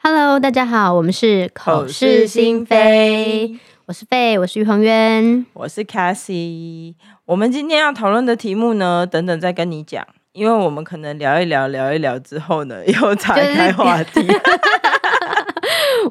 Hello，大家好，我們是口是心非，口是心非，我是費，我是余宏淵，我是 Cassie。我們今天要討論的題目呢，等等再跟你講，因為我們可能聊一聊，聊一聊之後呢，又岔開話題。就是、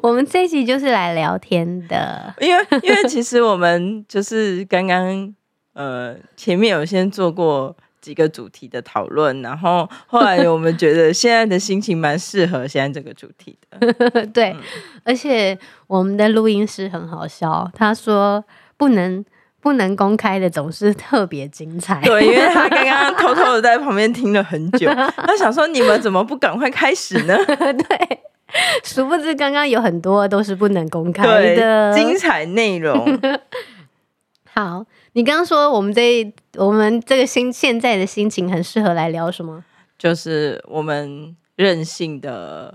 我們這一集就是來聊天的 因，因為其實我們就是剛剛、呃、前面有先做過。幾個主題的討論，然後後來我們覺得現在的心情蠻適合現在這個主題的。 對、嗯，而且我們的錄音師很好笑，他說不能不能公開的總是特別精彩。對，因為他剛剛偷偷的在旁邊聽了很久， 他想說你們怎麼不趕快開始呢？ 對，殊不知剛剛有很多都是不能公開的精彩內容。 好，你剛剛說我們這一。我們這個心，現在的心情很適合來聊什麼？就是我們任性的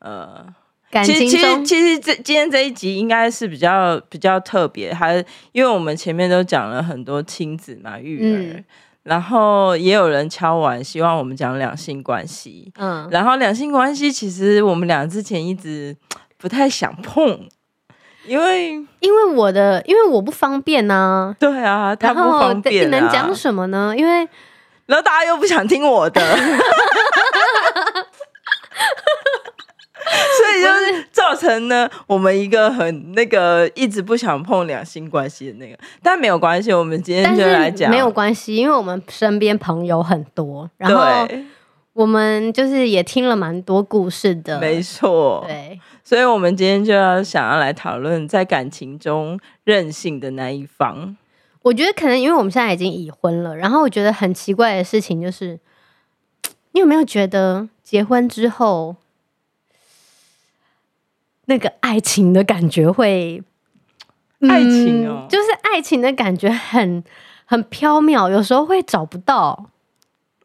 呃感情。其實其實，其實這今天這一集應該是比較比較特別，還因為我們前面都講了很多親子嘛育兒，嗯，然後也有人敲碗希望我們講兩性關係，嗯，然後兩性關係其實我們倆之前一直不太想碰。因為因為我的因為我不方便啊，對啊，他不方便，啊，你能講什麼呢？因為然後大家又不想聽我的 所以就是造成呢我們一個很那個一直不想碰兩性關係的那個，但沒有關係，我們今天就來講。沒有關係，因為我們身邊朋友很多，然後。對我們就是也聽了蠻多故事的，沒錯。對，所以，我們今天就要想要來討論在感情中任性的那一方。我覺得可能因為我們現在已經已婚了，然後我覺得很奇怪的事情就是，你有沒有覺得結婚之後那個愛情的感覺會？愛情哦，嗯，就是愛情的感覺很很飄渺，有時候會找不到。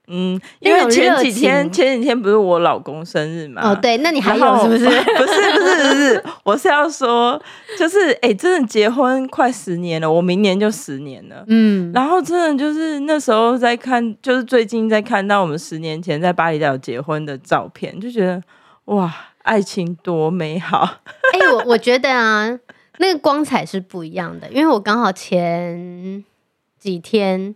嗯，因為前幾天前幾天不是我老公生日嘛？哦，對，那你還有是不是？ 不是不是不是，不是，我是要說，就是哎、欸，真的結婚快十年了，我明年就十年了。嗯，然後真的就是那時候在看，就是最近在看到我們十年前在巴厘島結婚的照片，就覺得哇，愛情多美好。哎、 欸，我我覺得啊，那個光彩是不一樣的，因為我剛好前幾天。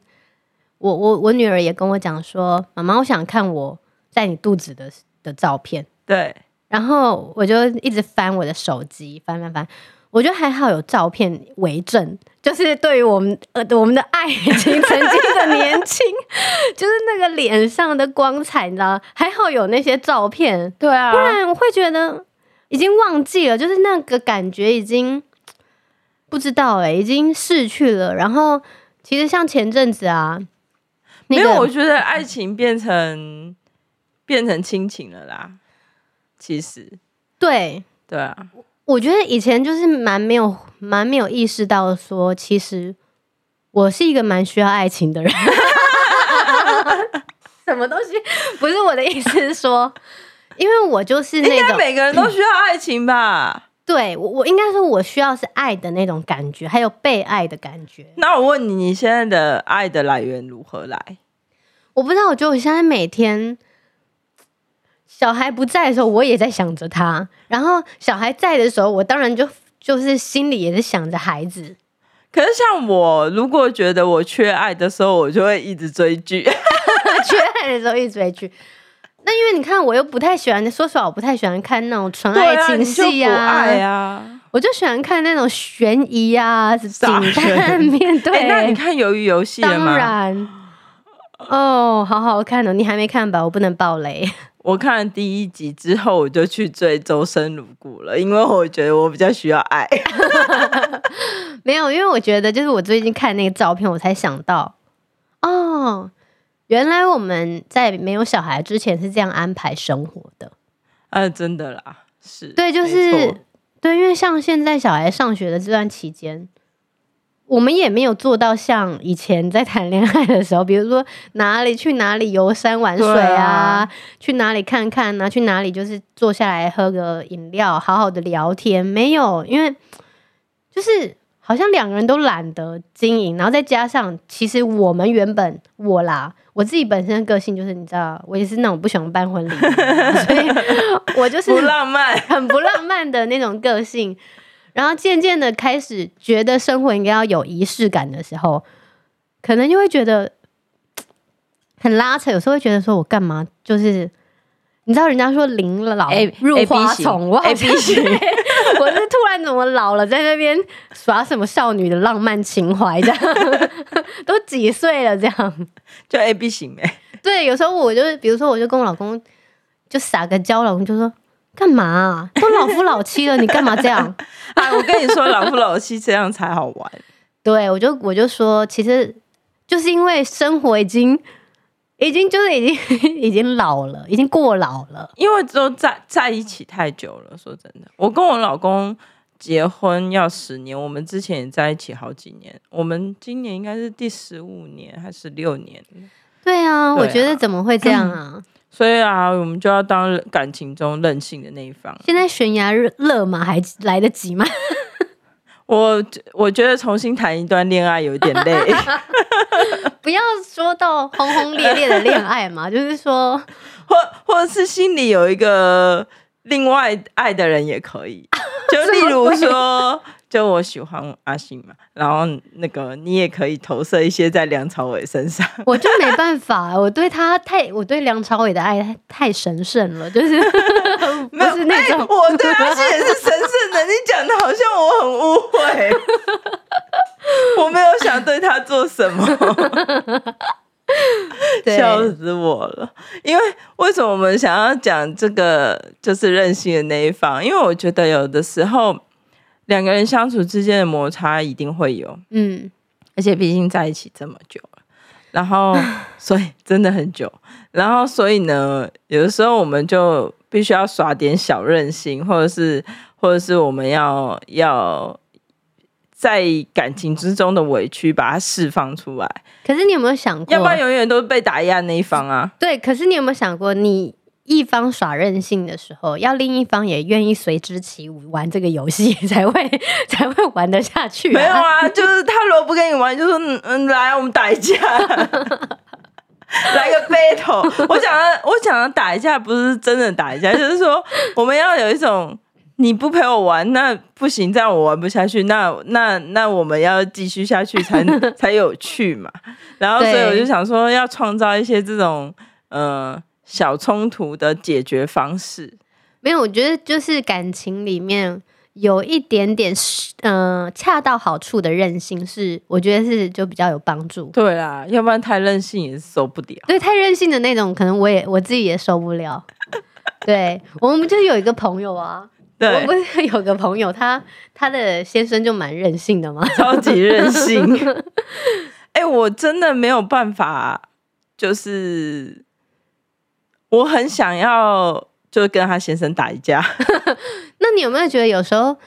我我我女兒也跟我講說，媽媽，我想看我在你肚子的的照片。對，然後我就一直翻我的手機，翻翻翻。我覺得還好有照片為證，就是對於我們呃我們的愛已經曾經的年輕， 就是那個臉上的光彩、啊，你知道還好有那些照片，對啊，不然我會覺得已經忘記了，就是那個感覺已經不知道了，已經逝去了。然後其實像前陣子啊。那個，因為我覺得愛情變成變成親情了啦。其實，對對啊，我覺得以前就是蠻沒有蠻沒有意識到說，其實我是一個蠻需要愛情的人。什麼東西？不是，我的意思是說， 因為我就是那應該每個人都需要愛情吧。 對我，我應該說，我需要是愛的那種感覺，還有被愛的感覺。那我問你，你現在的愛的來源如何來？我不知道，我覺得我現在每天小孩不在的時候，我也在想着他；然後小孩在的時候，我當然就就是心裡也是想着孩子。可是像我，如果覺得我缺愛的時候，我就會一直追劇。 缺愛的時候，一直追劇。那因為你看，我又不太喜歡，說實話，我不太喜歡看那種純愛情戲呀、啊啊啊，我就喜歡看那種懸疑呀、啊、什麼殺人片。對、欸，那你看《魷魚遊戲》了嗎？當然。哦，oh, 好好看的、哦，你還沒看吧？我不能爆雷。我看了第一集之後，我就去追《周生如故》了，因為我覺得我比較需要愛。 沒有，因為我覺得，就是我最近看那個照片，我才想到哦。Oh. 原來我們在沒有小孩之前是這樣安排生活的啊，啊真的啦，是對，就是對，因為像現在小孩上學的這段期間，我們也沒有做到像以前在談戀愛的時候，比如說哪裡去哪裡遊山玩水啊，啊去哪裡看看，啊，去哪裡就是坐下來喝個飲料，好好的聊天，沒有，因為就是好像兩個人都懶得經營，然後再加上其實我們原本我啦。我自己本身的個性就是，你知道，我也是那種不喜歡辦婚禮，所以我就是不浪漫，很不浪漫的那種個性。然後漸漸的開始覺得生活應該要有儀式感的時候，可能就會覺得很拉扯。有時候會覺得說我幹嘛？就是你知道，人家說臨老入花叢，我必哈。 我是突然怎麼老了，在那邊耍什麼少女的浪漫情懷，這樣都幾歲了，這樣就 A B 型哎。對，有時候我就比如說，我就跟我老公就撒個嬌，老公就說幹嘛啊？都老夫老妻了，你幹嘛這樣？啊，我跟你說，老夫老妻這樣才好玩。對，我就我就說，其實就是因為生活已經。已經就是已經已經老了，已經過老了。因為都在在一起太久了，說真的，我跟我老公結婚要十年，我們之前也在一起好幾年，我們今年應該是第十五年還是六年。對啊，對啊，我覺得怎麼會這樣啊？嗯。所以啊，我們就要當感情中任性的那一方。現在懸崖勒馬還來得及嗎？ 我我覺得重新談一段戀愛有點累， 不要說到轟轟烈烈的戀愛嘛， 就是說或，或或者是心裡有一個另外愛的人也可以， 就例如說。就我喜歡阿信嘛，然後那個你也可以投射一些在梁朝偉身上。 我就沒辦法，我對他太，我對梁朝偉的愛太神聖了，就是 沒有不是那種、欸。我對阿信也是神聖的， 你講的好像我很誤會 我沒有想對他做什麼， 笑死我了。因為為什麼我們想要講這個就是任性的那一方？因為我覺得有的時候。兩個人相處之間的摩擦一定會有，嗯，而且畢竟在一起這麼久了，然後 所以真的很久，然後所以呢，有的時候我們就必須要耍點小任性，或者是或者是我們要要，在感情之中的委屈把它釋放出來。可是你有沒有想過，要不然永遠都被打壓那一方啊？對，可是你有沒有想過你？一方耍任性的時候，要另一方也願意隨之起舞，玩這個遊戲才會才會玩得下去啊。沒有啊，就是他如果不跟你玩，就說嗯，嗯，來，我們打一架， 來個 battle。我想我想打一架不是真的打一架， 就是說我們要有一種，你不陪我玩那不行，這樣我玩不下去。那那那我們要繼續下去才 才有趣嘛。然後所以我就想說，要創造一些這種嗯。呃小衝突的解決方式沒有，我覺得就是感情裡面有一點點嗯、呃，恰到好處的任性是，我覺得是就比較有幫助。對啦，要不然太任性也受不了。對，太任性的那種，可能我也我自己也受不了。 對，我們不就有一個朋友啊？對，我不是有個朋友,他他的先生就蠻任性的嘛，超級任性。哎、 欸，我真的沒有辦法，就是。我很想要就跟他先生打一架 ，那你有沒有覺得有時候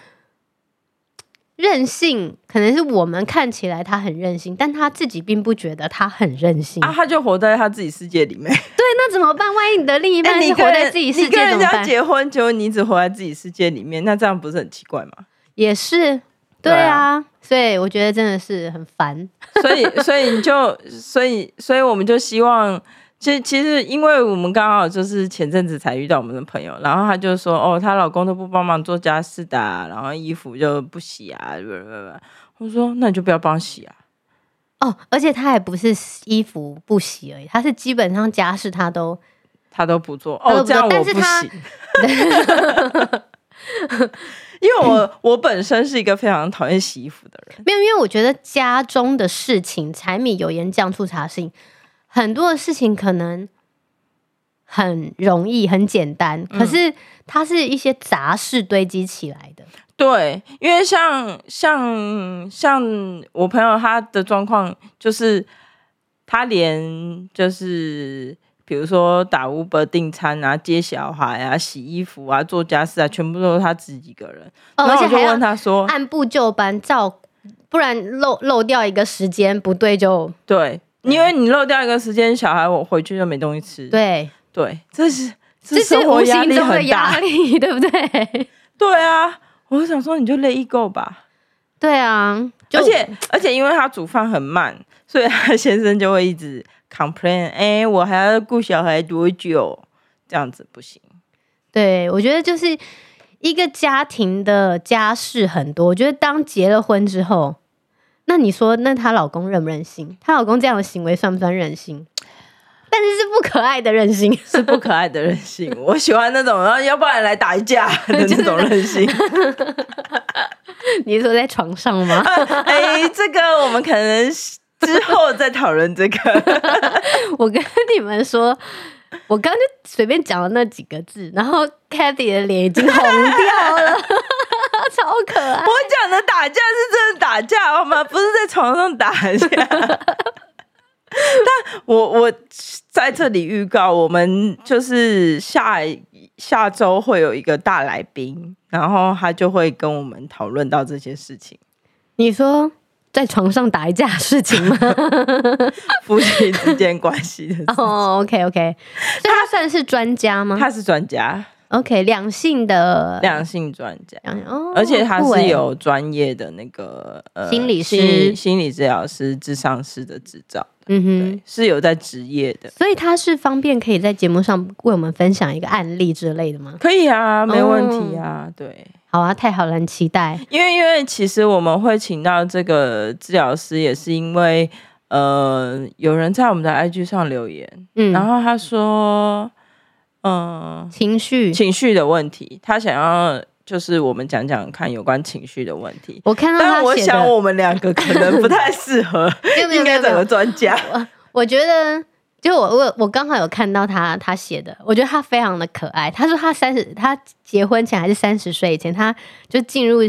任性可能是我們看起來他很任性，但他自己並不覺得他很任性啊？他就活在他自己世界裡面。對，那怎麼辦？萬一你的另一半是活在自己世界怎麼辦？欸，你跟人，你跟人家結婚結果你只活在自己世界裡面，那這樣不是很奇怪嗎？也是，對啊。對啊。所以我覺得真的是很煩。 所以，所以你就，所以，所以我們就希望。其實，其實，因為我們剛好就是前陣子才遇到我們的朋友，然後她就說：“哦，她老公都不幫忙做家事的，啊，然後衣服就不洗啊。對不對不對”“我說：“那你就不要幫洗啊。”“哦，而且她還不是衣服不洗而已，她是基本上家事她都她都不做。不做”“哦，這樣我不行。”“ 因為我我本身是一個非常討厭洗衣服的人，嗯，沒有，因為我覺得家中的事情，柴米油鹽醬醋茶的事情。”很多的事情可能很容易、很簡單，嗯，可是它是一些雜事堆積起來的。對，因為像像像我朋友他的狀況就是，他連就是比如說打 Uber 訂餐啊、接小孩啊、洗衣服啊、做家事啊，全部都是他自己一個人。哦，而且，還問他說，按部就班照，不然漏漏掉一個時間不對就對。因為你漏掉一個時間，小孩我回去就沒東西吃。對對，這是這是我心中的壓力，對不對？對啊，我想說你就累一夠吧。對啊，而且而且因為他煮飯很慢，所以他先生就會一直 complain 誒。誒我還要顧小孩多久？這樣子不行。對，我覺得就是一個家庭的家事很多，我覺得當結了婚之後。那你說，那她老公任不任性？她老公這樣的行為算不算任性？但是是不可愛的任性， 是不可愛的任性。我喜歡那種，然後要不然來打一架的那種任性。就是、 你是說在床上嗎？哎、啊欸，這個我們可能之後再討論這個。 我跟你們說，我剛剛就隨便講了那幾個字，然後 Kathy 的臉已經紅掉了。 超可愛！我講的打架是真的打架好嗎？不是在床上打架。 但我我在這裡預告，我們就是下下周會有一個大來賓，然後他就會跟我們討論到這些事情。你說在床上打一架事情嗎？ 夫妻之間關係的事情。哦、Oh，OK OK，他，所以他算是專家嗎？他是專家。OK，兩性的兩性專家兩性、哦，而且他是有專業的那個呃心理師、心理、心理治療師、諮商師的執照。嗯哼，對，是有在職業的，所以他是方便可以在節目上為我們分享一個案例之類的嗎？可以啊，沒問題啊，哦、對，好啊，太好了，很期待。因為因為其實我們會請到這個治療師，也是因為呃有人在我們的 IG 上留言，嗯、然後他說。嗯，情緒情緒的問題，他想要就是我們講講看有關情緒的問題。我看到他寫的，但我想我們兩個可能不太適合 應該找個專家，沒有沒有 我。我覺得，就我我我剛好有看到他他寫的，我覺得他非常的可愛。他說他三十，他結婚前還是三十歲以前，他就進入。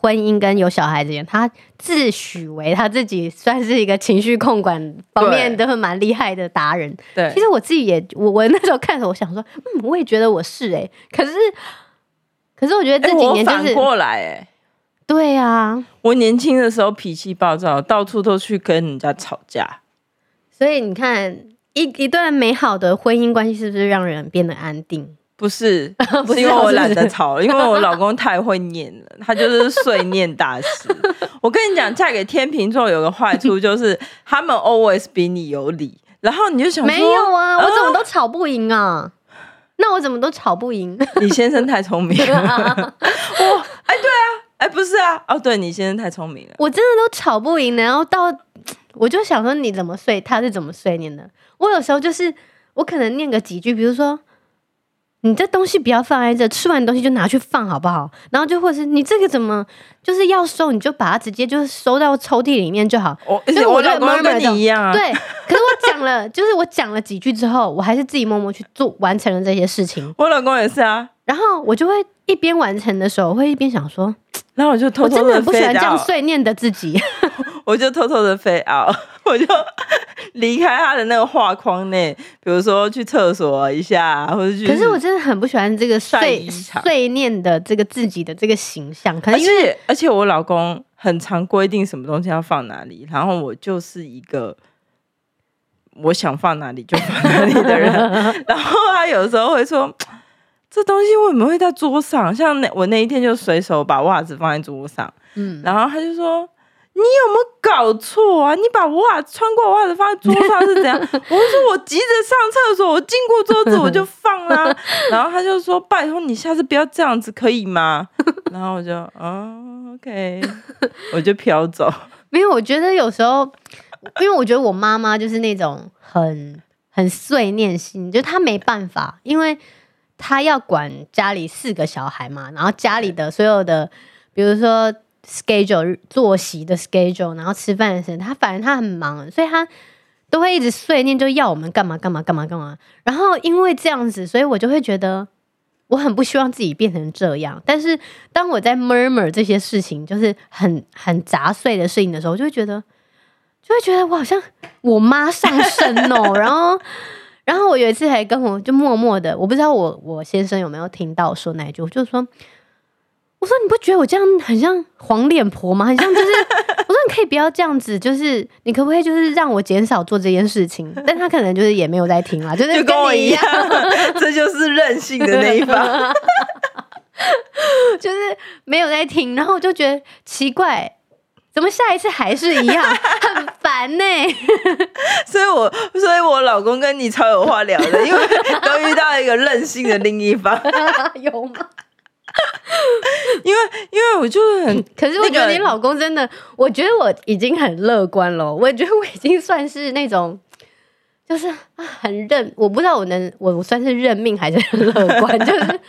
婚姻跟有小孩子一樣，他自詡為他自己算是一個情緒控管方面都蠻厲害的達人。對，其實我自己也，我我那時候看，我想說，嗯，我也覺得我是哎、欸，可是，可是我覺得這幾年就是、欸、反過來哎、欸，對啊，我年輕的時候脾氣暴躁，到處都去跟人家吵架，所以你看，一一段美好的婚姻關係是不是讓人變得安定？不是， 不是，啊、是因為我懶得吵 啊，因為我老公太會念了， 他就是碎念大師。我跟你講，嫁給天秤座有個壞處，就是 他們 always 比你有理，然後你就想說沒有啊，啊，我怎麼都吵不贏啊？那我怎麼都吵不贏？ 你先生太聰明了。 我哎、欸，對啊，哎、欸，不是啊，哦，對你先生太聰明了，我真的都吵不贏。然後到我就想說，你怎麼碎？他是怎麼碎念的？我有時候就是我可能念個幾句，比如說。你這東西不要放在這，吃完東西就拿去放好不好？然後就或者是，你這個怎麼就是要收，你就把它直接就收到抽屜裡面就好。我、oh, 我就我老公跟你一樣媽媽，對，可是我講了， 就是我講了幾句之後，我還是自己默默去做完成了這些事情。我老公也是啊，然後我就會一邊完成的時候，我會一邊想說，那 我就偷偷我真的很不喜歡這樣碎念的自己。 我就偷偷的 fade out！我就離開他的那個畫框內，比如說去廁所一下，或是去。可是我真的很不喜歡這個碎碎念的這個自己的這個形象，可是因為而且，而且我老公很常規定什麼東西要放哪裡，然後我就是一個我想放哪裡就放哪裡的人， 然後他有時候會說：“這東西為什麼會在桌上？”像那我那一天就隨手把襪子放在桌上，嗯，然後他就說。你有沒有搞錯啊？你把襪穿過襪子放在桌上是怎樣？ 我說我急着上廁所，我經過桌子我就放啦，啊。 然後他就說：“拜託你下次不要這樣子，可以嗎？” 然後我就哦 okay， 我就飄走。沒有，我覺得有時候，因為我覺得我媽媽就是那種很、很碎念心，就她沒辦法，因為她要管家裡四個小孩嘛。然後家裡的所有的， 比如說。schedule 作息的 schedule，然後吃飯的時間，他反正他很忙，所以他都會一直碎念，就要我們幹嘛幹嘛幹嘛幹嘛。然後因為這樣子，所以我就會覺得我很不希望自己變成這樣。但是當我在 murmur 這些事情，就是很很雜碎的事情的時候，我就會覺得就會覺得我好像我媽上身哦。 然後然後我有一次還跟我就默默的，我不知道我我先生有沒有聽到我說那一句，我就說。我說你不覺得我這樣很像黃臉婆嗎？很像就是，我說你可以不要這樣子，就是你可不可以就是讓我減少做這件事情？但他可能就是也沒有在聽啦，就是跟你一樣，就跟我一樣，這就是任性的那一方， 就是沒有在聽。然後我就覺得奇怪，怎麼下一次還是一樣，很煩呢、欸？ 所以我，所以我老公跟你超有話聊的，因為都遇到一個任性的另一方， 有嗎？ 因為，因為我就很，可是我覺得你老公真的，那個、我覺得我已經很樂觀了，我覺得我已經算是那種，就是、啊、很認，我不知道我能，我算是認命還是很樂觀，就是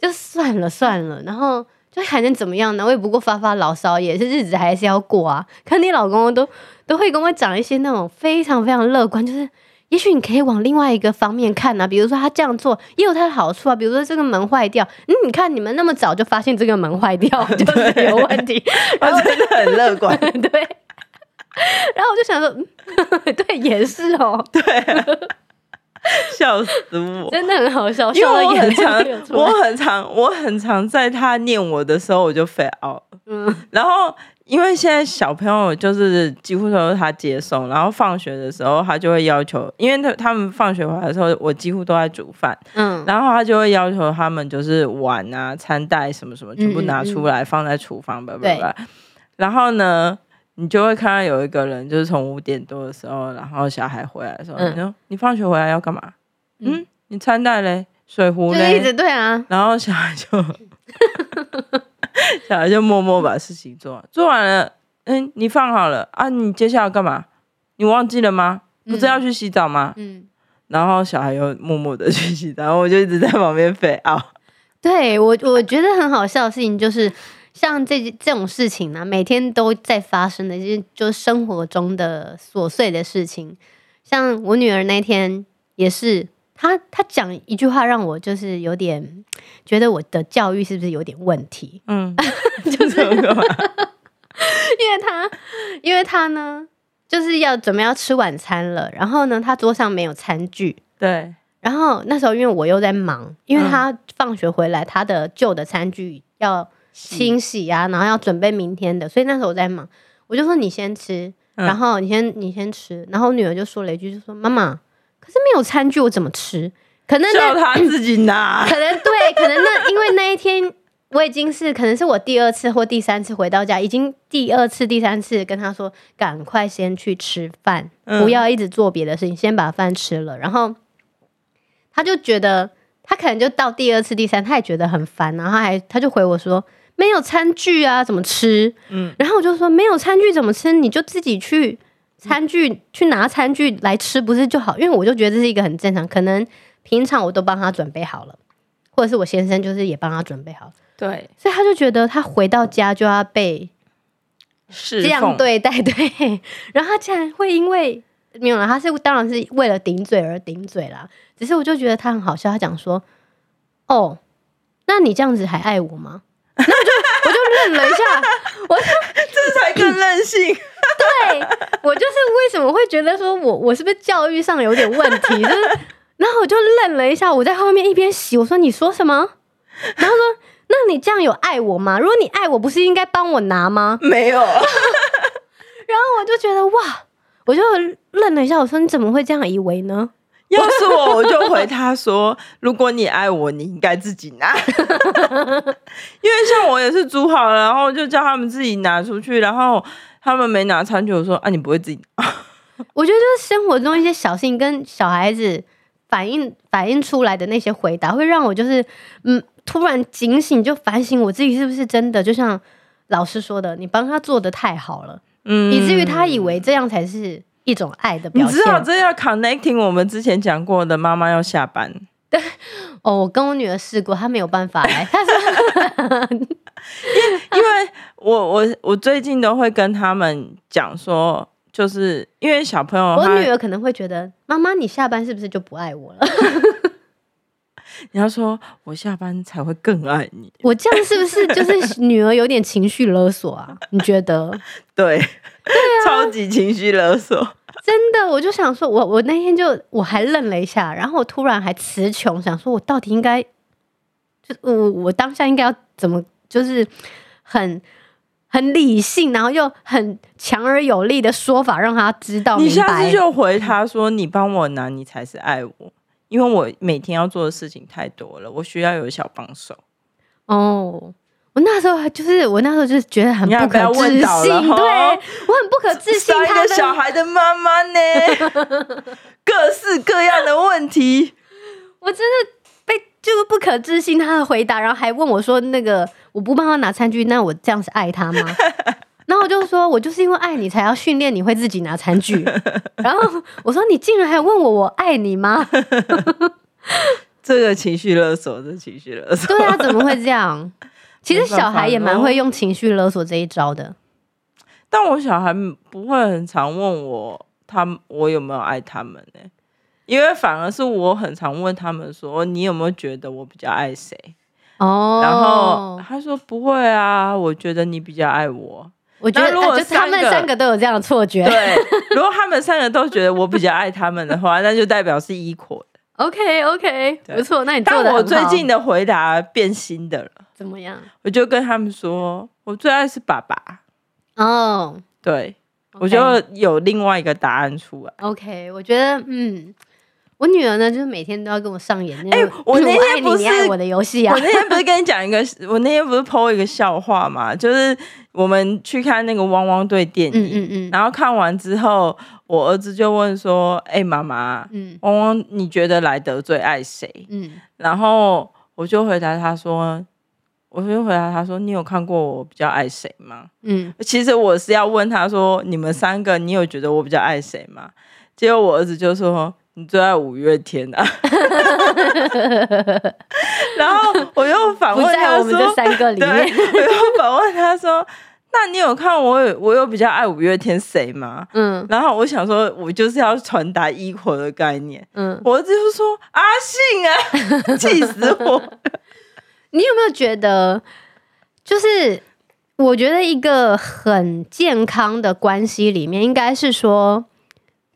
就算了算了，然後就還能怎麼樣呢？我也不過發發牢騷，也是日子還是要過啊。可你老公都都會跟我講一些那種非常非常樂觀，就是。也許你可以往另外一個方面看吶、啊，比如說他這樣做也有他的好處啊。比如說這個門壞掉，嗯，你看你們那麼早就發現這個門壞掉 就是有問題， 然後我就我真的很樂觀， 對。然後我就想說， 對，也是哦、喔，對、啊，笑死我， 真的很好笑，笑因為我很常， 我很常，我很常在他念我的時候我就 fade out 嗯，然後。因為現在小朋友就是幾乎都是他接送，然後放學的時候他就會要求，因為他他們放學回來的時候，我幾乎都在煮飯，嗯，然後他就會要求他們就是碗啊、餐袋什麼什麼全部拿出來，嗯嗯，放在廚房，拜、嗯、拜、嗯、然後呢，你就會看到有一個人就是從五點多的時候，然後小孩回來的時候，嗯、你說你放學回來要幹嘛嗯？嗯，你餐袋嘞，水壺嘞，對啊。然後小孩就呵呵。 小孩就默默把事情做，做完了，嗯、欸，你放好了啊？你接下來要幹嘛？你忘記了嗎？不是要去洗澡嗎嗯？嗯，然後小孩又默默的去洗澡，然後我就一直在旁邊飛啊、哦。對我，我覺得很好笑的事情就是，像這這種事情呢、啊，每天都在發生的、就是，就是就是生活中的瑣碎的事情。像我女兒那天也是。他他講一句話，讓我就是有點覺得我的教育是不是有點問題？嗯， 就是麼， 因為他因為他呢，就是要準備要吃晚餐了，然後呢，他桌上沒有餐具。對。然後那時候，因為我又在忙，因為他放學回來，嗯、他的舊的餐具要清洗呀、啊嗯，然後要準備明天的，所以那時候我在忙，我就說你先吃，嗯、然後你先你先吃，然後女兒就說了一句，就說媽媽。媽媽可是沒有餐具，我怎麼吃？可能叫他自己拿。可能對，可能那因為那一天 我已經是可能是我第二次或第三次回到家，已經第二次第三次跟他說趕快先去吃飯，不要一直做別的事情，嗯、先把飯吃了。然後他就覺得他可能就到第二次第三次，他也覺得很煩，然後他還他就回我說沒有餐具啊，怎麼吃？嗯、然後我就說沒有餐具怎麼吃，你就自己去。餐具去拿餐具來吃不是就好？因為我就覺得這是一個很正常，可能平常我都幫他準備好了，或者是我先生就是也幫他準備好對，所以他就覺得他回到家就要被是這樣對待，對，然後他竟然會因為沒有了，他是當然是為了頂嘴而頂嘴啦，只是我就覺得他很好笑，他講說哦，那你這樣子還愛我嗎？那我就我就愣了一下， 我說，這才更任性。 對，我就是為什麼會覺得說我，我我是不是教育上有點問題？就是，然後我就愣了一下，我在後面一邊洗，我說你說什麼？然後說，那你這樣有愛我嗎？如果你愛我，不是應該幫我拿嗎？沒有 然。然後我就覺得哇，我就愣了一下，我說你怎麼會這樣以為呢？要是我，我就回他說， 如果你愛我，你應該自己拿， 因為像我也是煮好了，然後就叫他們自己拿出去，然後。他們沒拿餐具，我說啊，你不會自己？ 我覺得就是生活中一些小事情跟小孩子反應、反應出來的那些回答，會讓我就是嗯，突然警醒，就反省我自己是不是真的，就像老師說的，你幫他做的太好了，嗯，以至於他以為這樣才是一種愛的表現。表你知道這要 connecting。我們之前講過的，媽媽要下班，對 哦，我跟我女兒試過，她沒有辦法來 ，因為。 我我我最近都會跟他們講說，就是因為小朋友，我女兒可能會覺得媽媽你下班是不是就不愛我了？ 你要說我下班才會更愛你，我這樣是不是就是女兒有點情緒勒索啊？你覺得？對，對啊，超級情緒勒索，真的，我就想說，我我那天就我還愣了一下，然後我突然還詞窮，想說我到底應該，就我，嗯，我當下應該要怎麼，就是很。很理性，然後又很強而有力的說法，讓他知道。你下次就回他說：“你幫我拿，你才是愛我，因為我每天要做的事情太多了，我需要有小幫手。”哦，我那時候就是我那時候就是覺得很不可置信，哦、對我很不可置信。三個小孩的媽媽呢， 各式各樣的問題， 我真的被就是不可置信他的回答，然後還問我說：“那個。”我不幫他拿餐具，那我這樣是愛他嗎？ 然後我就說，我就是因為愛你，才要訓練你會自己拿餐具。 然後我說，你竟然還問我，我愛你嗎？ 這個情緒勒索，的、這個、情緒勒索。 對啊，怎麼會這樣？ 其實小孩也蠻會用情緒勒索這一招的。但我小孩不會很常問我他我有沒有愛他們呢、欸？因為反而是我很常問他們說，你有沒有覺得我比較愛誰？哦、oh.，然後他說不會啊，我覺得你比較愛我。我覺得如果、呃、他們三個都有這樣的錯覺，對， 如果他們三個都覺得我比較愛他們的話， 那就代表是 equal。OK OK，不錯，那你。但我最近的回答變新的了，怎麼樣？我就跟他們說，我最愛是爸爸。哦、oh.，對，okay. 我就有另外一個答案出來。OK，我覺得嗯。我女兒呢，就是每天都要跟我上演、欸、我那個“ 我愛你，你愛我的”遊戲啊！ 我那天不是跟你講一個，我那天不是剖一個笑話嘛？就是我們去看那個《汪汪隊》電影、嗯嗯嗯，然後看完之後，我兒子就問說：“哎、欸，媽媽，汪汪，你覺得來得最愛誰？”嗯，然後我就回答他說：“我就回答他說，你有看過我比較愛誰嗎？”嗯，其實我是要問他說：“你們三個，你有覺得我比較愛誰嗎？”結果我兒子就說。最愛五月天啊 然後我又反問他說：“我們這三個裡面，我又反問他說，那你有看我有我有比較愛五月天誰嗎？”嗯，然後我想說我就是要傳達 equal 的概念，嗯，我兒子就說：“阿信啊，氣死我！” 你有沒有覺得，就是我覺得一個很健康的關係裡面，應該是說，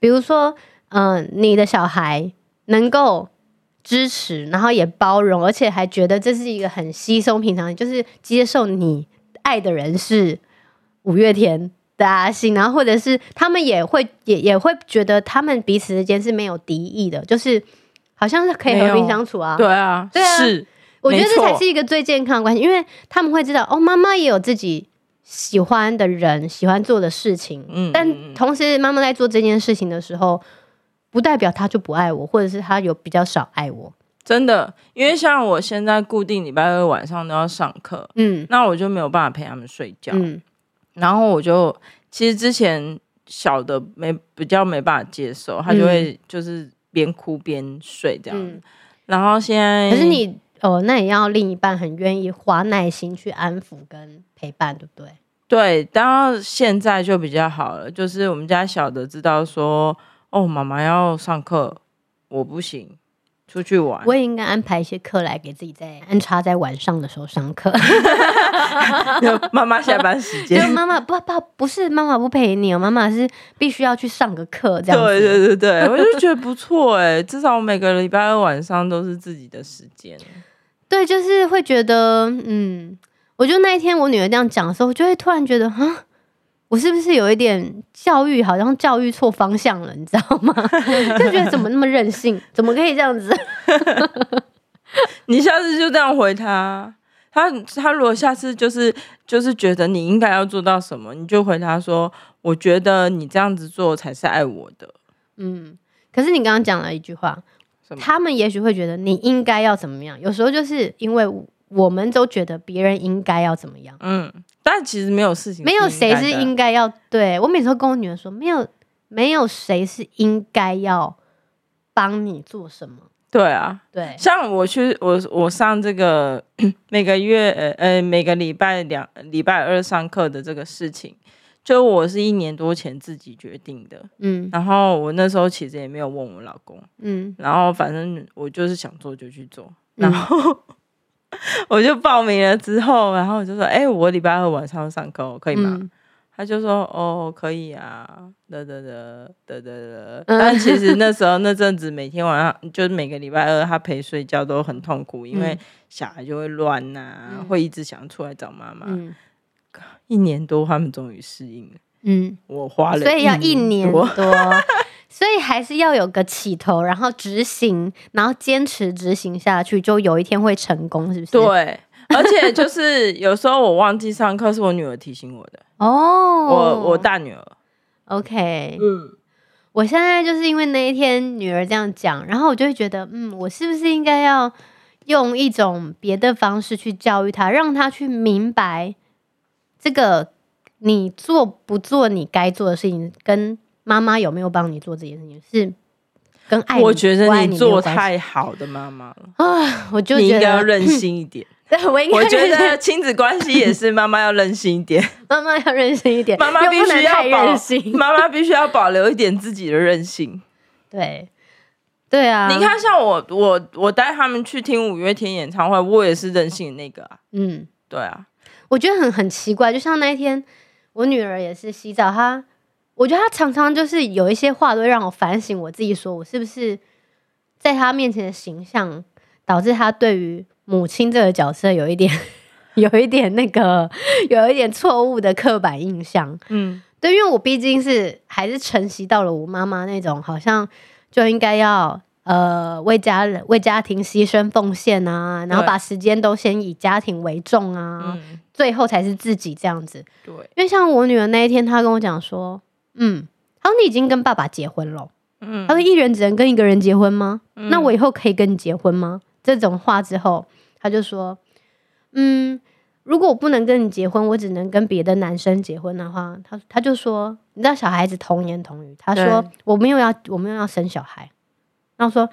比如說。嗯，你的小孩能夠支持，然後也包容，而且還覺得這是一個很稀鬆平常的，就是接受你愛的人是五月天的阿信，然後或者是他們也會也也會覺得他們彼此之間是沒有敵意的，就是好像是可以和平相處啊。對啊，對啊，是，我覺得這才是一個最健康的關係，因為他們會知道哦，媽媽也有自己喜歡的人，喜歡做的事情，嗯，但同時媽媽在做這件事情的時候。不代表他就不愛我，或者是他有比較少愛我。真的，因為像我現在固定禮拜二晚上都要上課，嗯，那我就沒有辦法陪他們睡覺。嗯，然後我就其實之前小的沒比較沒辦法接受，他就會就是邊哭邊睡這樣。嗯，然後現在，可是你哦，那也要另一半很願意花耐心去安撫跟陪伴，對不對？對，當然現在就比較好了，就是我們家小的知道說。哦，媽媽要上課，我不行，出去玩。我也應該安排一些課來給自己在，在安插在晚上的時候上課。媽 媽 下班時間。 媽媽不不不是媽媽不陪你哦，媽媽是必須要去上個課這樣。對對對對，我就覺得不錯哎，欸， 至少我每個禮拜二晚上都是自己的時間。對，就是會覺得，嗯，我就那一天我女兒這樣講的時候，我就會突然覺得，哈。我是不是有一點教育，好像教育錯方向了，你知道嗎？ 就覺得怎麼那麼任性， 怎麼可以這樣子？ 你下次就這樣回他，他他如果下次就是就是覺得你應該要做到什麼，你就回他說，我覺得你這樣子做才是愛我的。嗯，可是你剛剛講了一句話，他們也許會覺得你應該要怎麼樣，有時候就是因為我。我們都覺得別人應該要怎麼樣？嗯，但其實沒有事情，沒有誰是應該要對我。每次都跟我女兒說，沒有，沒有誰是應該要幫你做什麼。對啊，對，像我去，我我上這個每個月呃、呃每個禮拜兩禮拜二上課的這個事情，就我是一年多前自己決定的，嗯，然後我那時候其實也沒有問我老公，嗯，然後反正我就是想做就去做，嗯、然後、嗯。 我就報名了之後，然後我就說：“哎、欸，我禮拜二晚上上課可以嗎、嗯？”他就說：“哦，可以啊。”得得得得得得。但其實那時候 那陣子，每天晚上就是每個禮拜二他陪睡覺都很痛苦，因為小孩就會亂吶、啊嗯，會一直想出來找媽媽、嗯。一年多，他們終於適應了。嗯，我花了，所以要一年多， 所以還是要有個起頭，然後執行，然後堅持執行下去，就有一天會成功，是不是？對，而且就是有時候我忘記上課，是我女兒提醒我的。哦， 我我大女兒。OK，嗯，我現在就是因為那一天女兒這樣講，然後我就會覺得，嗯，我是不是應該要用一種別的方式去教育她，讓她去明白這個。你做不做你該做的事情，跟媽媽有沒有幫你做這件事情，是跟愛，我愛。我覺得你做太好的媽媽了啊！我就覺得你應該要任性一點。 對，我應該任性。我覺得親子關係也是媽媽要任性一點，媽 媽要任性一點，媽媽必須要保 任媽媽 必須要保留一點自己的任性。對，對啊。你看，像我，我，我帶他們去聽五月天演唱會，我也是任性那個啊。嗯，對啊。我覺得很很奇怪，就像那一天，我女兒也是洗澡，她，我覺得她常常就是有一些話都會讓我反省我自己，說我是不是在她面前的形象導致她對於母親這個角色有一點、有一點那個、有一點錯誤的刻板印象。嗯，對，因為我畢竟是還是承襲到了我媽媽那種，好像就應該要呃為家人、為家庭犧牲奉獻啊，然後把時間都先以家庭為重啊，最後才是自己這樣子，對，因為像我女兒那一天，她跟我講說，嗯，她說你已經跟爸爸結婚了，嗯，她說一人只能跟一個人結婚嗎、嗯？那我以後可以跟你結婚嗎？這種話之後，她就說，嗯，如果我不能跟你結婚，我只能跟別的男生結婚的話，她她就說，你知道小孩子童言童語，她說、嗯、我沒有要，我沒有要生小孩，然後說。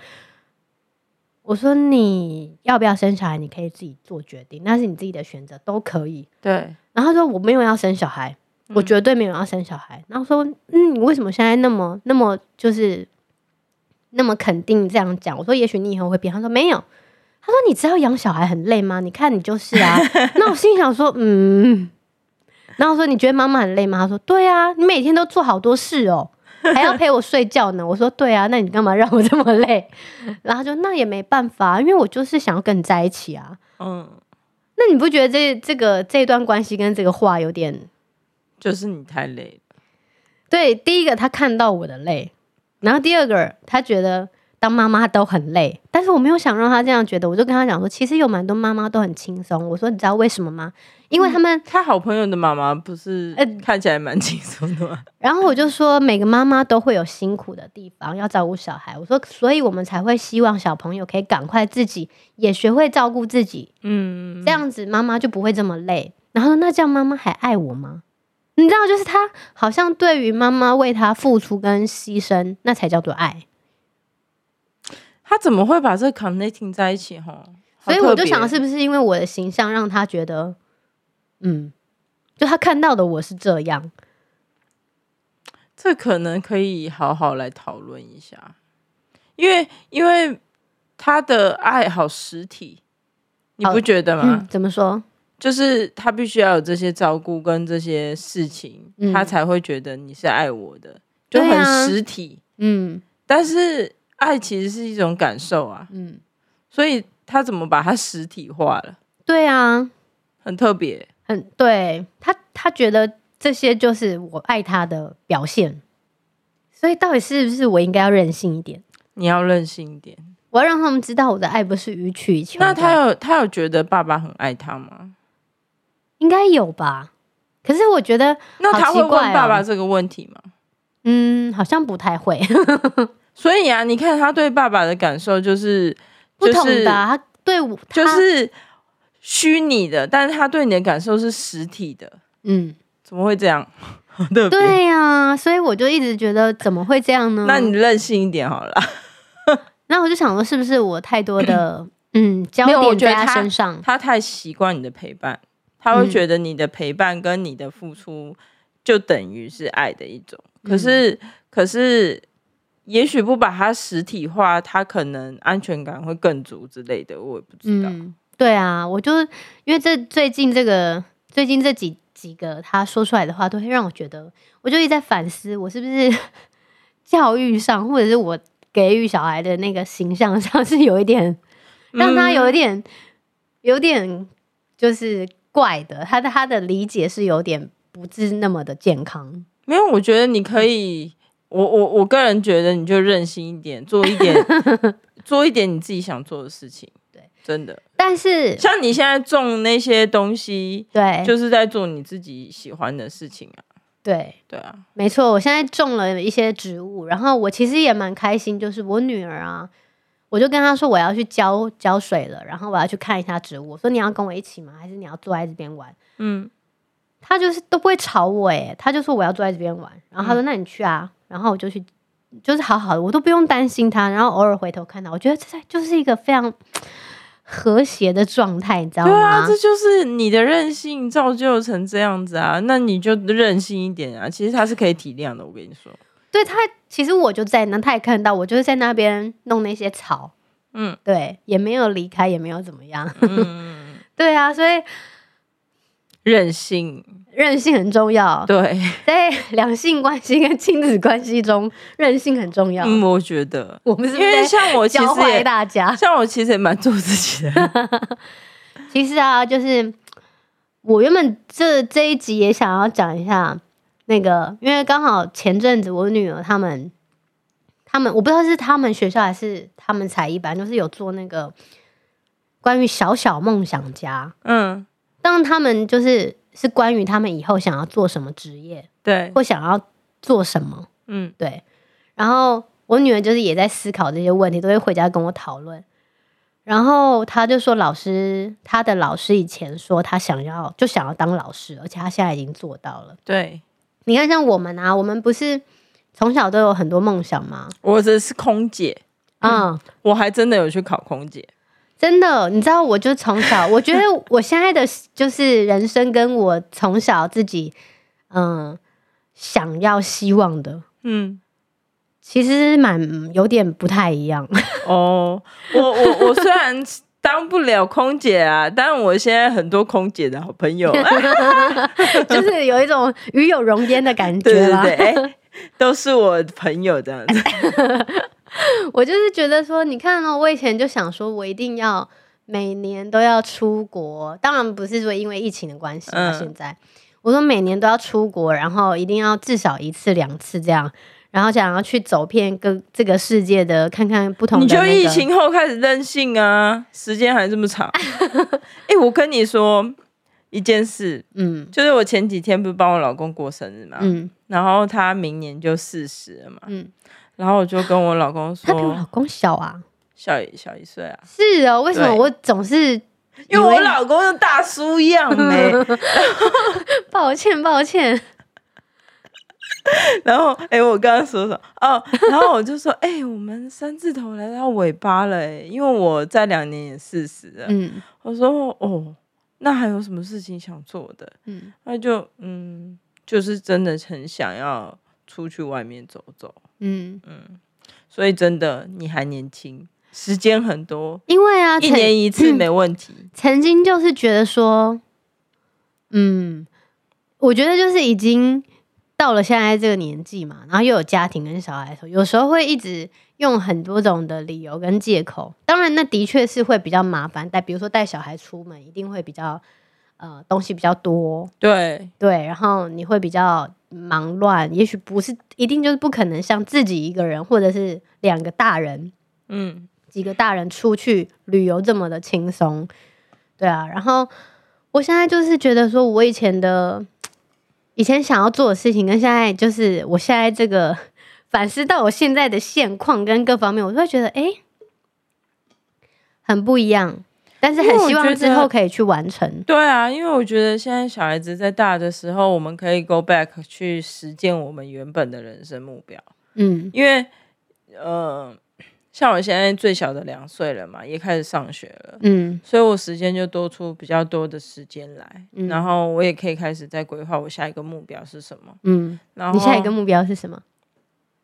我說你要不要生小孩？你可以自己做決定，那是你自己的選擇，都可以。對。然後他說我沒有要生小孩，我絕對沒有要生小孩。嗯。然後我說，嗯，你為什麼現在那麼那麼就是那麼肯定這樣講？我說，也許你以後會變。他說沒有。他說你知道養小孩很累嗎？你看你就是啊。 那我心想說，嗯。然後我說你覺得媽媽很累嗎？他說對啊，你每天都做好多事哦。 還要陪我睡覺呢，我說對啊，那你幹嘛讓我這麼累？然後就那也沒辦法，因為我就是想要跟你在一起啊。嗯，那你不覺得這這個這段關係跟這個話有點？就是你太累了。對，第一個他看到我的累，然後第二個他覺得。當媽媽都很累，但是我沒有想讓她這樣覺得，我就跟她講說，其實有蠻多媽媽都很輕鬆。我說，你知道為什麼嗎？因為他們他、嗯、好朋友的媽媽不是看起來蠻輕鬆的嘛、欸、然後我就說，每個媽媽都會有辛苦的地方，要照顧小孩。我說，所以我們才會希望小朋友可以趕快自己也學會照顧自己。嗯，這樣子媽媽就不會這麼累。然後那這樣媽媽還愛我嗎？你知道，就是她好像對於媽媽為她付出跟犧牲，那才叫做愛。他怎麼會把這 connecting 在一起哈？所以我就想，是不是因為我的形象讓他覺得，嗯，就他看到的我是這樣。這可能可以好好來討論一下，因為因為他的愛好實體，你不覺得嗎？Oh, 嗯，怎麼說？就是他必須要有這些照顧跟這些事情，嗯，他才會覺得你是愛我的，就很實體。啊，嗯，但是。愛其實是一種感受啊，嗯，所以他怎麼把它實體化了？對啊，很特別、欸，很對他，他覺得這些就是我愛他的表現。所以到底是不是我應該要任性一點？你要任性一點，我要讓他們知道我的愛不是予取予求。那他有，他有覺得爸爸很愛他嗎？應該有吧。可是我覺得、哦、那他會問爸爸這個問題嗎？嗯，好像不太會。 所以啊，你看他對爸爸的感受就是不同的，啊，他對我他，就是虛擬的，但是他對你的感受是實體的，嗯，怎麼會這樣？對不對、啊、呀，所以我就一直覺得怎麼會這樣呢？ 那你任性一點好了。 那我就想說，是不是我太多的 嗯焦點他在他身上？他，他太習慣你的陪伴，他會覺得你的陪伴跟你的付出就等於是愛的一種，嗯。可是，可是。也許不把它實體化，他可能安全感會更足之類的，我也不知道。嗯，對啊，我就因為這最近這個最近這幾幾個他說出來的話，都會讓我覺得，我就一直在反思，我是不是教育上或者是我給予小孩的那個形象上是有一點讓他有一點，嗯，有一點就是怪的，他的他的理解是有點不是那麼的健康。沒有，我覺得你可以。我我我個人覺得，你就任性一點，做一點 做一點你自己想做的事情。對，真的。但是像你現在種那些東西，對，就是在做你自己喜歡的事情啊。對對啊，沒錯。我現在種了一些植物，然後我其實也蠻開心。就是我女兒啊，我就跟她說我要去澆澆水了，然後我要去看一下植物。說你要跟我一起嗎？還是你要坐在這邊玩？嗯，她就是都不會吵我哎、欸，她就說我要坐在這邊玩。然後她說那你去啊。嗯然後我就去，就是好好的，我都不用擔心他。然後偶爾回頭看到，我覺得這就是一個非常和諧的狀態，你知道嗎？對啊，這就是你的任性造就成這樣子啊。那你就任性一點啊！其實他是可以體諒的，我跟你說。對他，其實我就在那，他也看到我就是在那邊弄那些草，嗯，對，也沒有離開，也沒有怎麼樣。 嗯、對啊，所以。任性，任性很重要。對，在兩性關係跟親子關係中， 任性很重要、嗯。我覺得，我們是是因為像我教壞大家，像我其實也蠻做自己的。 其實啊，就是我原本這這一集也想要講一下那個，因為剛好前陣子我女兒他們，他們我不知道是他們學校還是他們才藝班，就是有做那個關於小小夢想家。嗯。當他們就是是關於他們以後想要做什麼職業，對，或想要做什麼，嗯，對。然後我女兒就是也在思考這些問題，都會回家跟我討論。然後她就說：“老師，她的老師以前說她想要就想要當老師，而且她現在已經做到了。”對，你看像我們啊，我們不是從小都有很多夢想嗎？我這是空姐啊，嗯嗯，我還真的有去考空姐。真的，你知道，我就從小，我覺得我現在的 就是人生，跟我從小自己，嗯、呃，想要希望的，嗯，其實蠻有點不太一樣哦。我我我雖然當不了空姐啊， 但我現在很多空姐的好朋友， 就是有一種與有榮焉的感覺啊。對對對，欸、都是我的朋友這樣子。 我就是覺得說，你看哦、喔，我以前就想說，我一定要每年都要出國，當然不是說因為疫情的關係。嗯。現在，我說每年都要出國，然後一定要至少一次兩次這樣，然後想要去走遍跟這個世界的，看看不同的。你就疫情後開始任性啊？時間還這麼長？哎，我跟你說一件事，嗯，就是我前幾天不是幫我老公過生日嘛，嗯，然後他明年就四十了嘛， 嗯，嗯。然後我就跟我老公說，他比我老公小啊，小一小一歲啊。是啊、哦，為什麼我總是因為我老公像大叔一樣、欸？ 然後 抱歉，抱歉。然後，哎、欸，我剛剛說什麼？哦，然後我就說，哎、 欸，我們三字頭來到尾巴了、欸，因為我在兩年也四十了。嗯，我說，哦，那還有什麼事情想做的？嗯，那就，嗯，就是真的很想要出去外面走走。嗯嗯，所以真的你還年輕，時間很多。因為啊，一年一次沒問題。曾經就是覺得說，嗯，我覺得就是已經到了現在這個年紀嘛，然後又有家庭跟小孩的時候，有時候會一直用很多種的理由跟借口。當然，那的確是會比較麻煩帶，但比如說帶小孩出門，一定會比較呃東西比較多。對對，然後你會比較。忙亂，也許不是一定就是不可能像自己一個人，或者是兩個大人，嗯，幾個大人出去旅遊這麼的輕鬆，對啊。然後我現在就是覺得說，我以前的以前想要做的事情，跟現在就是我現在這個反思到我現在的現況跟各方面，我都會覺得誒，欸，很不一樣。但是很希望之後可以去完成。對啊，因為我覺得現在小孩子在大的時候，我們可以 go back 去實踐我們原本的人生目標。嗯，因為呃，像我現在最小的兩歲了嘛，也開始上學了。嗯，所以我時間就多出比較多的時間來。嗯，然後我也可以開始再規劃我下一個目標是什麼。嗯，然後你下一個目標是什麼？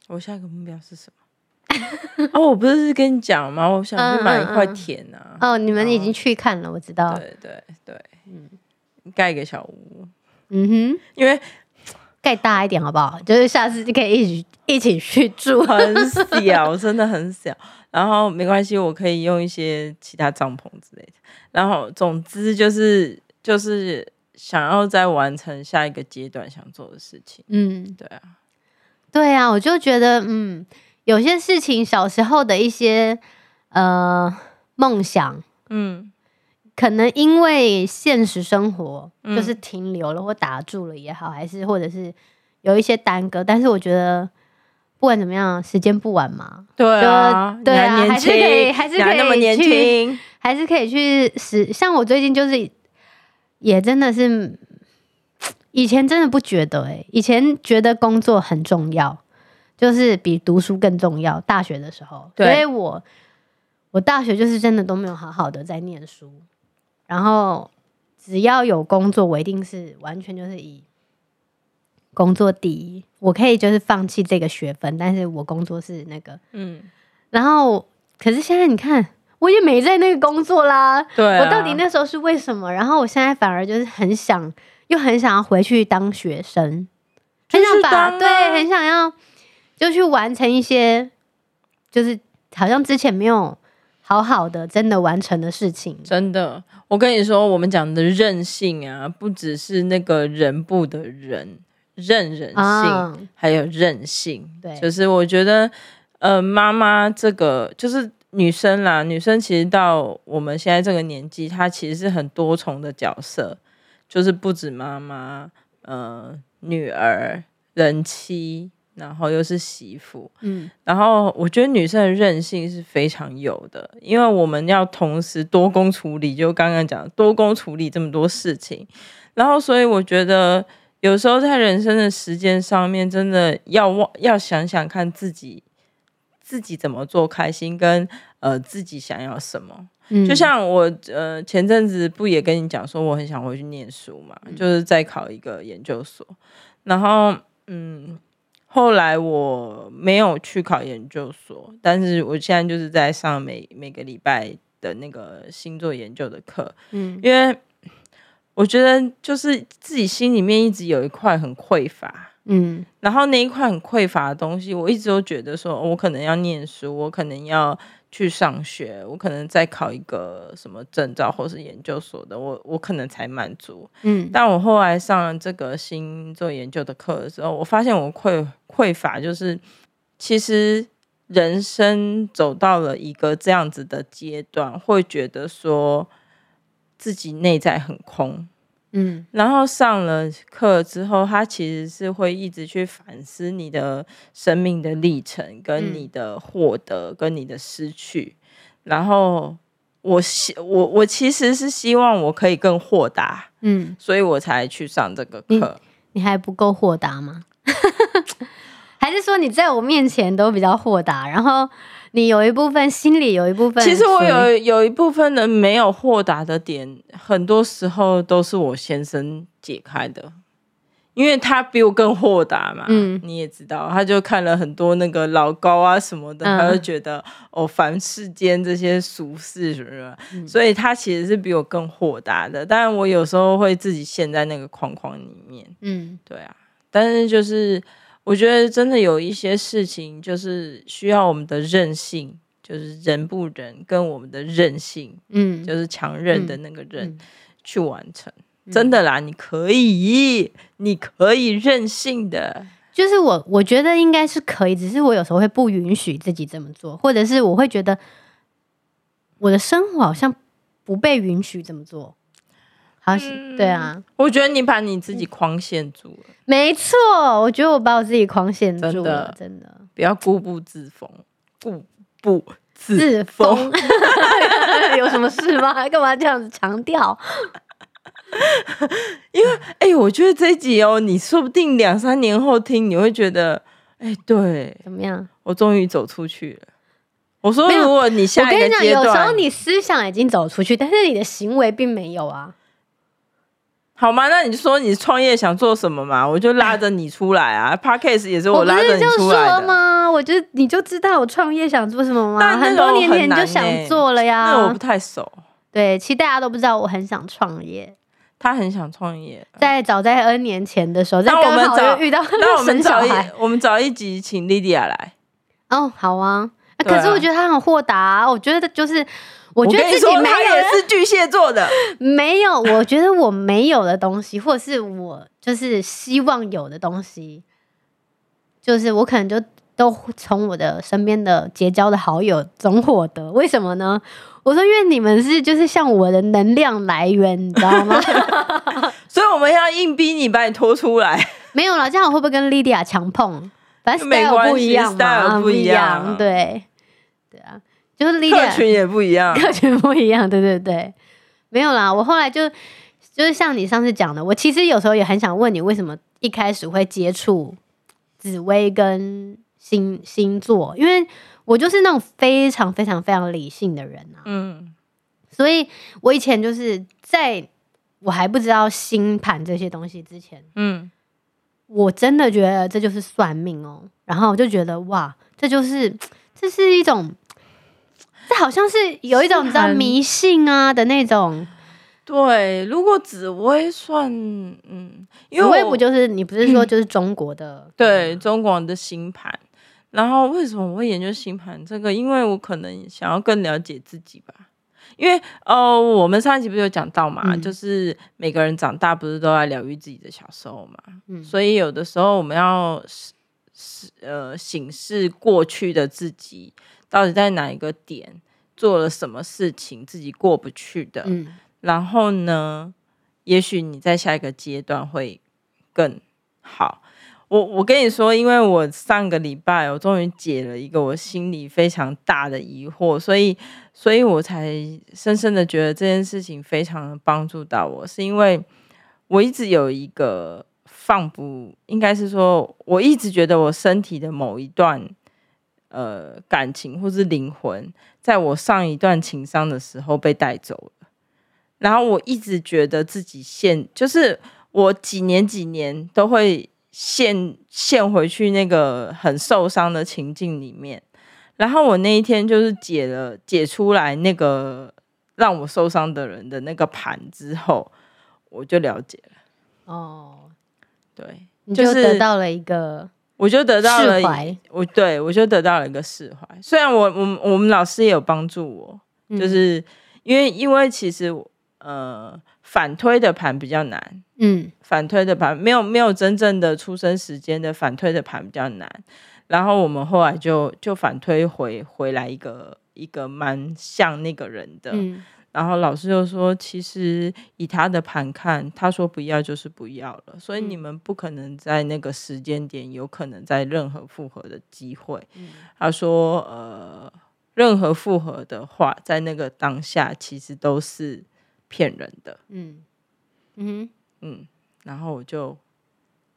我下一個目標是什麼？ 哦，我不是跟你講嗎？我想去買一塊田啊。嗯嗯嗯。哦，你們已經去看了，我知道。對對對，嗯，蓋個小屋，嗯哼，因為蓋大一點好不好？就是下次就可以一起一起去住。很小，真的很小。 然後沒關係，我可以用一些其他帳篷之類的。然後總之就是就是想要再完成下一個階段想做的事情。嗯，對啊，對啊，我就覺得嗯。有些事情，小時候的一些呃夢想，嗯，可能因為現實生活、嗯、就是停留了或打住了也好，還是或者是有一些耽擱，但是我覺得不管怎麼樣，時間不晚嘛。對啊，就對啊你還年輕，還是可以，還是可以去你還那麼年輕，還是可以去實。像我最近就是也真的是以前真的不覺得、欸，哎，以前覺得工作很重要。就是比讀書更重要。大學的時候，所以我我大學就是真的都沒有好好的在念書。然後只要有工作，我一定是完全就是以工作第一。我可以就是放棄這個學分，但是我工作是那個嗯。然後，可是現在你看，我也沒在那個工作啦。對啊，我到底那時候是為什麼？然後我現在反而就是很想，又很想要回去當學生，很想把、就是啊、對，很想要。就去完成一些，就是好像之前沒有好好的、真的完成的事情。真的，我跟你說，我們講的任性啊，不只是那個人不的人任人性、啊，還有任性。對，就是我覺得，呃，媽媽這個就是女生啦，女生其實到我們現在這個年紀，她其實是很多重的角色，就是不止媽媽，呃，女兒、人妻。然後又是媳婦，嗯，然後我覺得女生的任性是非常有的，因為我們要同時多工處理，就剛剛講多工處理這麼多事情，然後所以我覺得有時候在人生的時間上面，真的要望要想想看自己自己怎麼做開心，跟呃自己想要什麼。嗯，就像我呃前陣子不也跟你講說，我很想回去念書嘛，嗯，就是再考一個研究所，然後嗯。後來我沒有去考研究所，但是我現在就是在上每每個禮拜的那個星座研究的課，嗯，因為我覺得就是自己心裡面一直有一塊很匱乏，嗯，然後那一塊很匱乏的東西，我一直都覺得說我可能要念書，我可能要。去上學，我可能再考一個什麼證照，或是研究所的，我我可能才滿足。嗯，但我後來上了這個新做研究的課的時候，我發現我匱匱乏，就是其實人生走到了一個這樣子的階段，會覺得說自己內在很空。嗯，然後上了課之後，他其實是會一直去反思你的生命的歷程，跟你的獲得、嗯，跟你的失去。然後我希我我其實是希望我可以更豁達，嗯，所以我才去上這個課。你你還不夠豁達嗎？ 還是說你在我面前都比較豁達？然後。你有一部分心裡有一部分，其實我有有一部分人沒有豁達的點，很多時候都是我先生解開的，因為他比我更豁達嘛，嗯，你也知道，他就看了很多那個老高啊什麼的，嗯、他就覺得哦，凡世間這些俗事什麼、嗯，所以他其實是比我更豁達的，但我有時候會自己陷在那個框框裡面，嗯，對啊，但是就是。我覺得真的有一些事情，就是需要我們的任性，就是人不人，跟我們的任性，嗯，就是強忍的那個忍，嗯，去完成，嗯。真的啦，你可以，你可以任性的，就是我，我覺得應該是可以，只是我有時候會不允許自己這麼做，或者是我會覺得我的生活好像不被允許這麼做。啊、嗯，對啊，我覺得你把你自己框限住了，嗯。沒錯，我覺得我把我自己框限住了，真的，真的不要固步自封，固步自封。自封 有什麼事嗎？幹嘛這樣子強調？ 因為，哎，欸，我覺得這集哦，你說不定兩三年後聽，你會覺得，哎，欸，對，怎麼樣？我終於走出去了。我說，如果你下一個階有，有時候你思想已經走出去，但是你的行為並沒有啊。好嗎？那你說你創業想做什麼嘛？我就拉着你出來啊 Parkes 也是我拉着你出來嘛，嗎？我就你就知道我創業想做什麼嗎？啊嗯嗎麼嗎但很，欸、很多年前就想做了呀！那我不太熟。對，其實大家都不知道我很想創業。他很想創業，在早在 N 年前的時候，我們找在我好早遇到那。那我們早一，我們早一集請 Lydia 來。哦、oh，啊，好啊，啊。可是我覺得他很豁達、啊。我覺得就是。我覺得自己沒有，是巨蟹座的，沒有。我覺得我沒有的東西，或是我就是希望有的東西，就是我可能就都從我的身邊的結交的好友中獲得。為什麼呢？我說，因為你們是就是像我的能量來源，你知道嗎？ 所以我們要硬逼你把你拖出來。沒有了，這樣我會不會跟莉迪亞強碰？反正沒有不一樣嘛，啊、不一樣，不一樣啊、對對啊。就是客群也不一樣啊，客群不一樣，對對對，沒有啦。我後來就就是像你上次講的，我其實有時候也很想問你，為什麼一開始會接觸紫微跟星星座？因為我就是那種非常非常非常理性的人啊，嗯，所以我以前就是在我還不知道星盤這些東西之前，嗯，我真的覺得這就是算命哦，然後我就覺得哇，這就是這是一種。這好像是有一種叫迷信啊的那種。對，如果紫微算，嗯，紫微不就是你不是說就是中國的 ？對，中國人的星盤。然後為什麼我會研究星盤這個？因為我可能想要更了解自己吧。因為哦、呃，我們上一期不是有講到嘛、嗯，就是每個人長大不是都在療癒自己的小時候嘛。嗯。所以有的時候我們要是是呃，審視過去的自己。到底在哪一個點做了什麼事情，自己過不去的？嗯，然後呢？也許你在下一個階段會更好。我我跟你說，因為我上個禮拜我終於解了一個我心裡非常大的疑惑，所以，所以我才深深的覺得這件事情非常的幫助到我，是因為我一直有一個放不，應該是說，我一直覺得我身體的某一段。呃，感情或是靈魂，在我上一段情傷的時候被帶走了，然後我一直覺得自己陷，就是我幾年幾年都會陷陷回去那個很受傷的情境裡面，然後我那一天就是解了解出來那個讓我受傷的人的那個盤之後，我就了解了，哦，對，你就、就是、得到了一個。我就得到了一我對我就得到了一個釋懷，雖然我我們我們老師也有幫助我，嗯，就是因為因為其實呃反推的盤比較難，嗯，反推的盤沒有沒有真正的出生時間的反推的盤比較難，然後我們後來就就反推回回來一個一個蠻像那個人的。嗯然後老師就說：“其實以他的盤看，他說不要就是不要了，所以你們不可能在那個時間點有可能在任何復合的機會。嗯”他說：“呃，任何復合的話，在那個當下其實都是騙人的。嗯”嗯嗯然後我就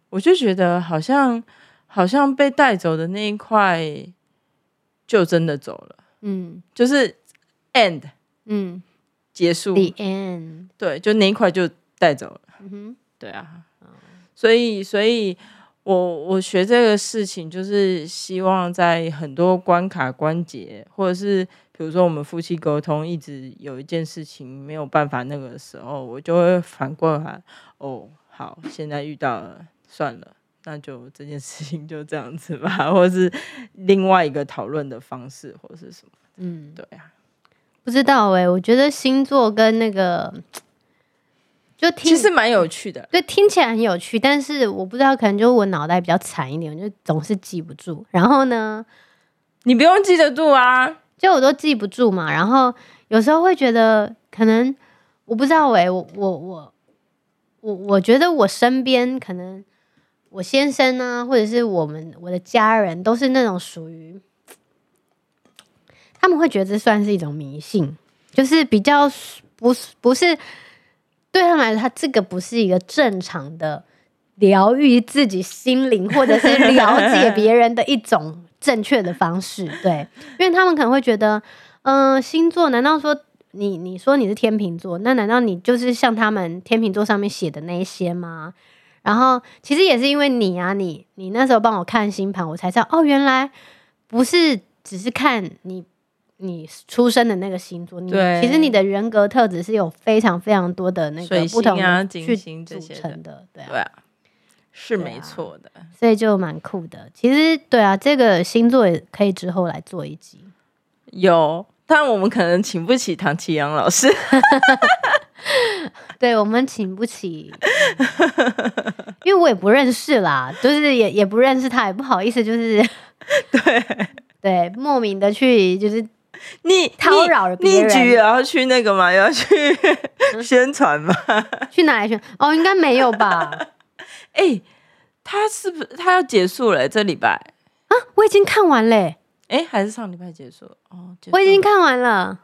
我就覺得好像好像被帶走的那一塊就真的走了。嗯，就是 end。嗯。結束。The end。對，就那一塊就帶走了。嗯哼。對啊、嗯。所以，所以，我我學這個事情，就是希望在很多關卡、關節，或者是比如說我們夫妻溝通，一直有一件事情沒有辦法，那個時候，我就會反過來，哦，好，現在遇到了， 算了，那就這件事情就這樣子吧，或者是另外一個討論的方式，或者是什麼？嗯，對啊。不知道欸，我覺得星座跟那個，就聽其實蠻有趣的，對，聽起來很有趣，但是我不知道，可能就我腦袋比較慘一點，我就總是記不住。然後呢，你不用記得住啊，就我都記不住嘛。然後有時候會覺得，可能我不知道欸，我我我我我覺得我身邊可能我先生呢，或者是我們我的家人，都是那種屬於。他們會覺得這算是一種迷信，就是比較不是不是對他們來說，他這個不是一個正常的療癒自己心靈，或者是了解別人的一種正確的方式。對，因為他們可能會覺得，嗯、呃，星座難道說你你說你是天秤座，那難道你就是像他們天秤座上面寫的那一些嗎？然後其實也是因為你啊，你你那時候幫我看星盤，我才知道哦，原來不是只是看你。你出生的那個星座，對你其實你的人格特質是有非常非常多的那個不同啊，組成組成的，對、啊的對啊，對啊，是沒錯的、啊，所以就蠻酷的。其實對啊，這個星座也可以之後來做一集。有，但我們可能請不起唐綺陽老師， 對我們請不起、 嗯，因為我也不認識啦，就是也也不認識他，也不好意思，就是對對，莫名的去就是。你叨擾了你，你局也要去那個嗎？也要去，嗯、宣傳嗎？去哪裡宣？哦，應該沒有吧？哎、 欸，他是不是他要結束了？這禮拜啊，我已經看完了。哎，欸，還是上禮拜結束了？哦，結束了，我已經看完了。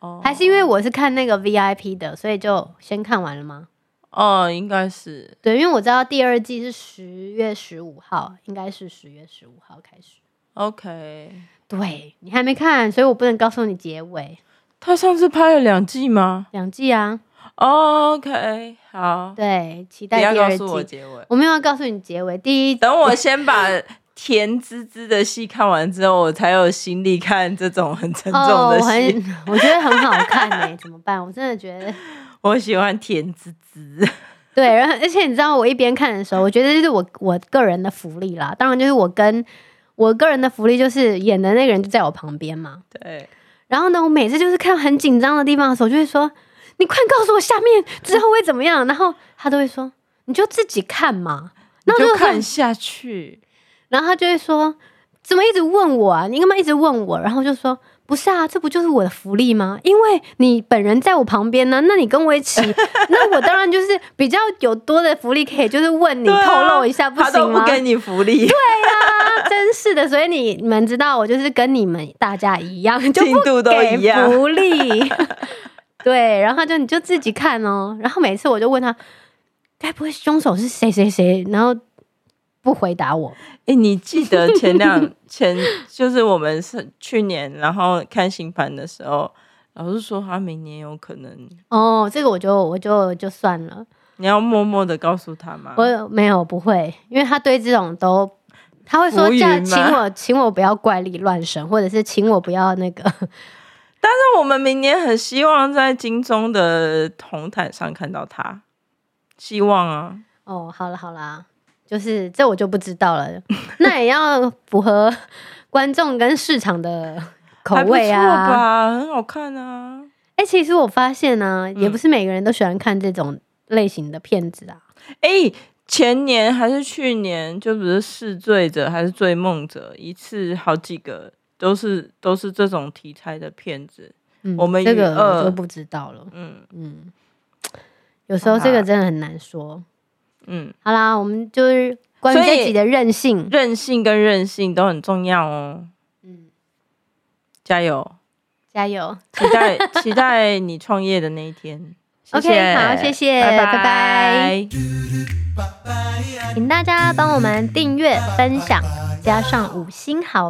哦，還是因為我是看那個 VIP 的，所以就先看完了嗎？哦，應該是。對，因為我知道第二季是十月十五號，應該是十月十五號開始。OK，對你還沒看，所以我不能告訴你結尾。他上次拍了兩季嗎？兩季啊。Oh, OK，好。對，期待第二季。不要告訴我結尾，我沒有要告訴你結尾。第一，等我先把甜滋滋的戲看完之後， 我才有心力看這種很沉重的戲、oh,。我覺得很好看誒、欸， 怎麼辦？我真的覺得我喜歡甜滋滋。 對，然後而且你知道，我一邊看的時候，我覺得就是我我個人的福利啦。當然，就是我跟。我個人的福利就是演的那個人就在我旁邊嘛。對。然後呢，我每次就是看很緊張的地方的時候，就會說：“你快告訴我下面之後會怎麼樣。嗯”然後他都會說：“你就自己看嘛。”那就看下去然後就會看。然後他就會說：“怎麼一直問我啊？你幹嘛一直問我？”然後就說：“不是啊，這不就是我的福利嗎？因為你本人在我旁邊呢、啊。那你跟我一起， 那我當然就是比較有多的福利，可以就是問你、啊、透露一下，不行嗎？他都不給你福利對、啊，對呀。” 真是的，所以你你們知道，我就是跟你們大家一樣，進度都一樣，福 利對，然後就你就自己看哦、喔。然後每次我就問他，該不會兇手是誰誰誰？然後不回答我。哎、欸，你記得前兩前， 前就是我們是去年，然後看星盤的時候，老師說他明年有可能哦。這個我就我就就算了。你要默默的告訴他嗎？我沒有不會，因為他對這種都。他會說這：“請我，請我不要怪力亂神，或者是請我不要那個 。”但是我們明年很希望在金鐘的紅毯上看到他，希望啊！哦，好了好了，就是這我就不知道了。 那也要符合觀眾跟市場的口味啊，不錯吧，很好看啊！哎、欸，其實我發現呢、啊嗯，也不是每個人都喜歡看這種類型的片子啊。哎、欸。前年還是去年，就比如試醉者還是醉夢者，一次好幾個都是都是這種題材的片子。嗯。我們二這個我就不知道了。嗯嗯，有時候這個真的很難說。嗯，好啦，我們就是關於自己的任性，任性跟韌性都很重要哦。嗯，加油，加油！ 期待期待你創業的那一天。謝謝 OK，好，謝謝，拜拜，拜拜，請大家幫我們訂閱、分享，加上五星好評。